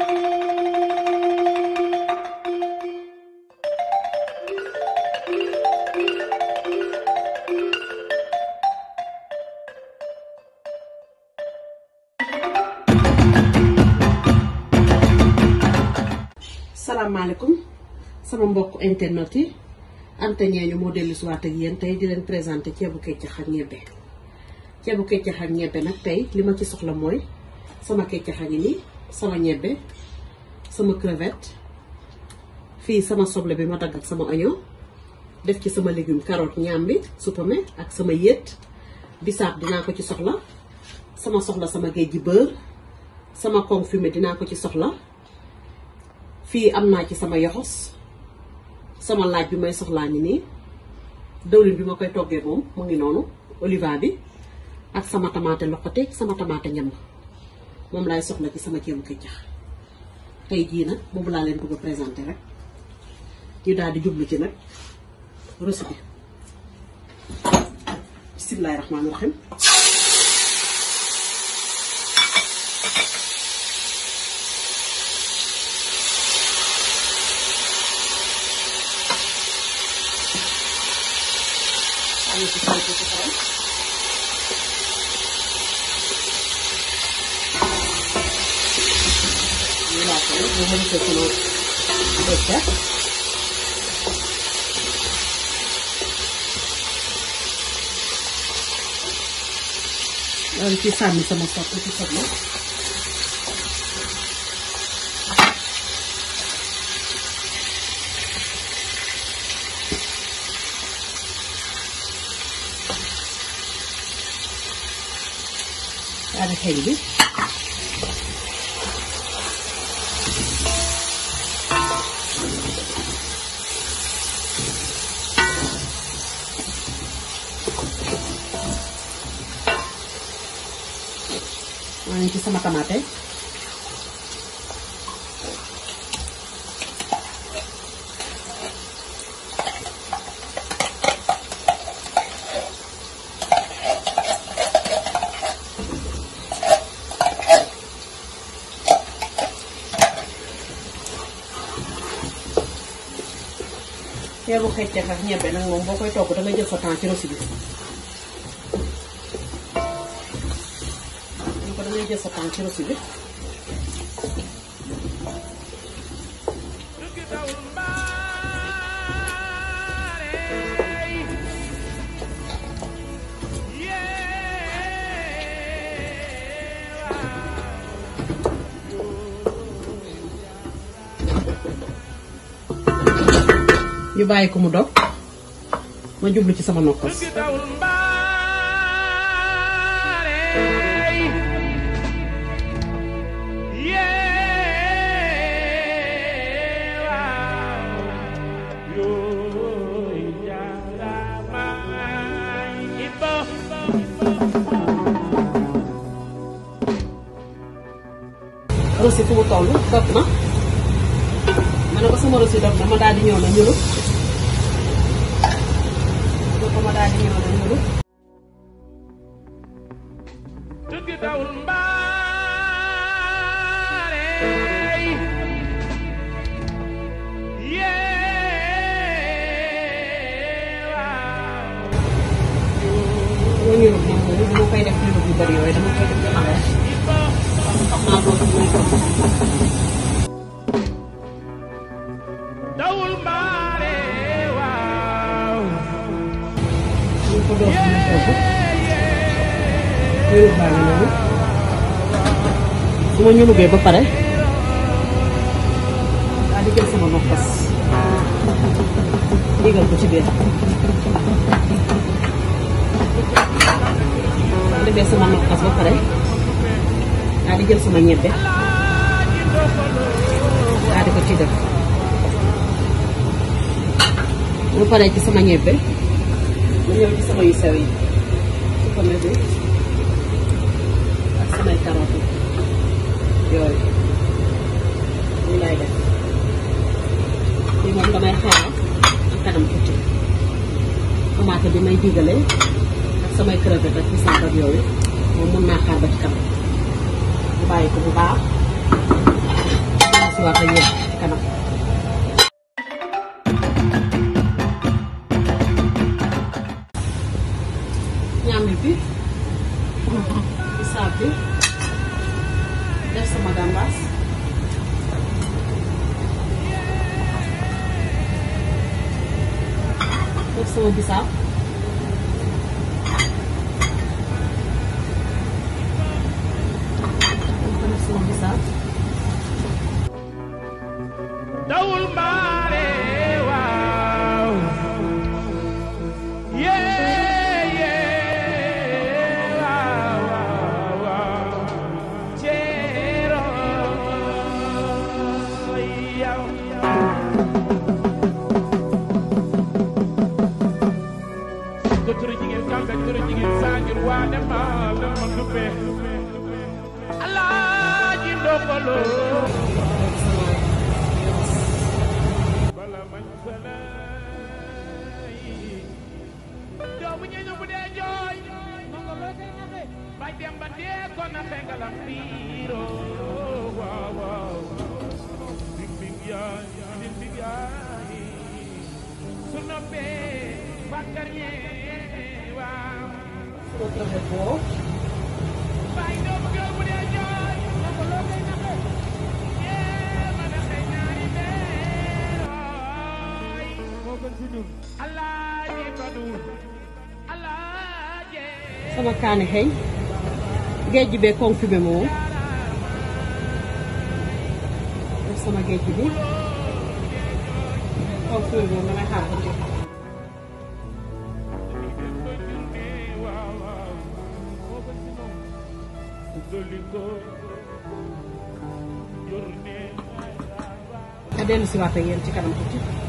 Assalamualaikum, sama mbokk internet yi Anta Ñeeño moo dellusi waat ak yéen tey di leen présenté ceebu keccax ak ñebbe ceebu keccax ak ñebbe nag tey li ci soxla mooy sama keccax a ngi sama ñebbe sama crevette fii sama soble bi ma dagg ak sama oignon def ci sama légume carotte bi supame ak sama yéet bisaab dinaa ko ci soxla sama soxla sama géej gi beurre sama kong fumé dinaa ko ci soxla fii am naa ci sama yoxos sama laaj bi may soxlaa ngi nii dawlin bi ma koy toggee moom mu ngi noonu oliva bi ak sama tamaate loxote sama tamaate ñam mom lay soxla ci sama ceebu keccax tey jii nag boobu la len bëgg présenter rek ñu daal di jublu ci nak recette bi bismillahi rahmaani rahim ci buharı sokulur. Bekler. और इसके सामने समोसा आपको कुछ सब लोग Hadi helvi. ang sa mga kamate. Ya bu kayıt yapar niye benim bu kayıt okuduğum için satan kilo sibirsin. 이겨서당치로쓰지 ñu bàyyi ko mu dog ma jublu ci sama nokkas aussi fu mu toll topp na ma ne ko sama rosi dox na ma daal di ñëw na ñëlu ko ma daal di ñëw na ñëlu Ini rumah, ini ini mbaare waaw su ma ñulugee ba pare daa di jël sama nokkas digal ko ci biir demee daal di jël sama ñebbe daal di ko ci def mu paree ci sama ñebbe mu ñëw ci sama yu sew yi supame bi ak samay carotte yooyu ñu lay def lii damay xaaral ak kanam tuuti tomate bi yooyu moom mën naa xaar ba ci kanam ñu bàyyi ko bu baax siwaat ak yéen kanam ñaambi bi bisaab ñuy bu dee jooy ba dem ba dee ko na fengalam biiro waaw waaw big big yaay big big yaay su noppee bàkkar ñee waaw bay doom jooy bu dee jooy moo gën ci ñun allah ñi ko sama kaani xeeñ géej def sama géej bi concume moom dangay xaar ko ci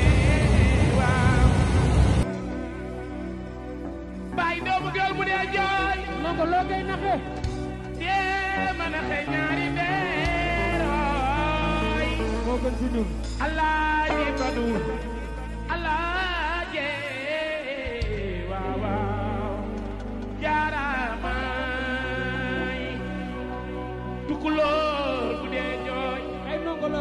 jaay bu dee jaay. loo koy naxee. jéem a beerooy. moo gën si ñun. alaaje badu. alaaje waaw waaw. jaaramaay. bu dee jooy. ay loo koy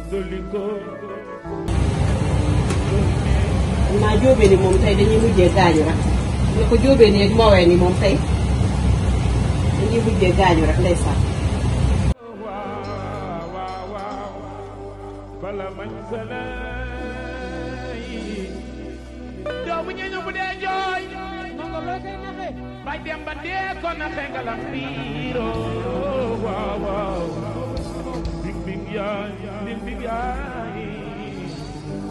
am ne ko jóobeen ni moom tey dañuy mujjee gaañu rek ndeysaan doomu ñu ñu bu dee jooy nongo loo koy naxe bay dem ba dee yaay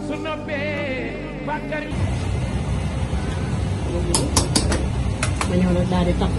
su noppee bàkkar ma ñëw nag daal di takk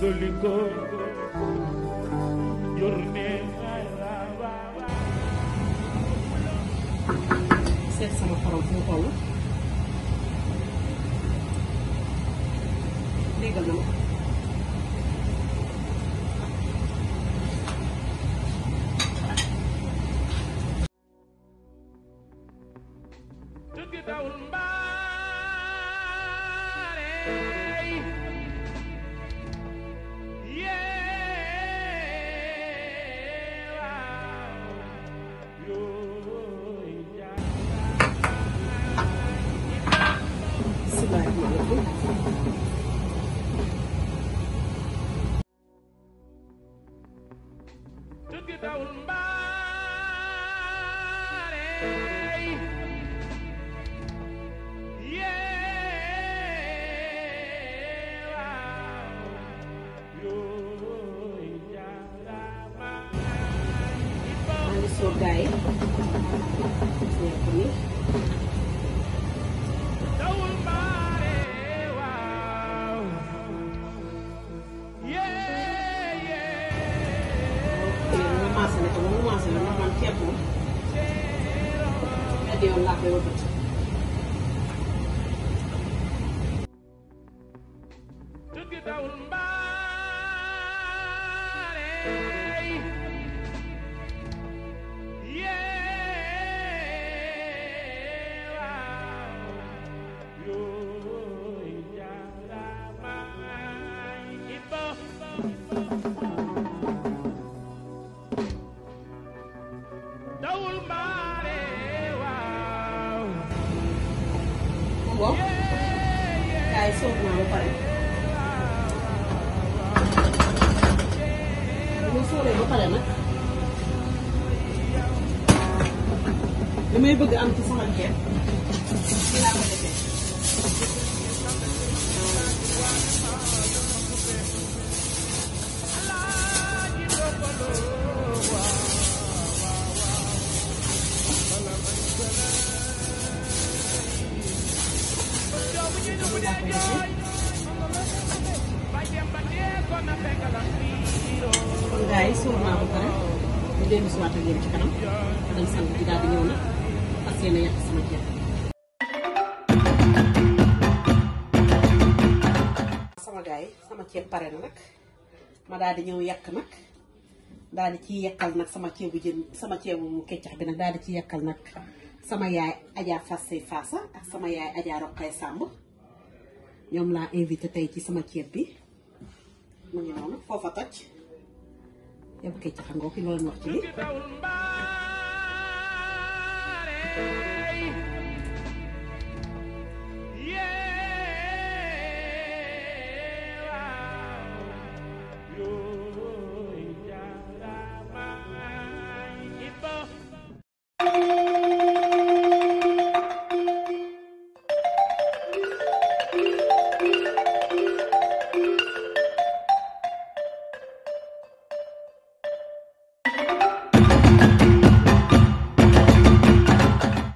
dolliko journée seet sama xaram fu mu toll déggal na ma tëgg dawul mbaare Get at our body. de otro pare nag li may bëgg am ci sama ceeb ci laa ko defee Thank you. kon gars yi suur naa pare di daal di ñëw na parce que yéen a sama ceeb. sama gars yi sama ceeb pare na nag ma daal sama ceebu sama ceebu keccax bi nag daal di sama yaay Adja Fassé Fassa sama yaay Adja Roqay Samb ñoom laa invité sama ceeb mu ngi noonu foofa toj yow kay xam nga ki loolu wax ci lii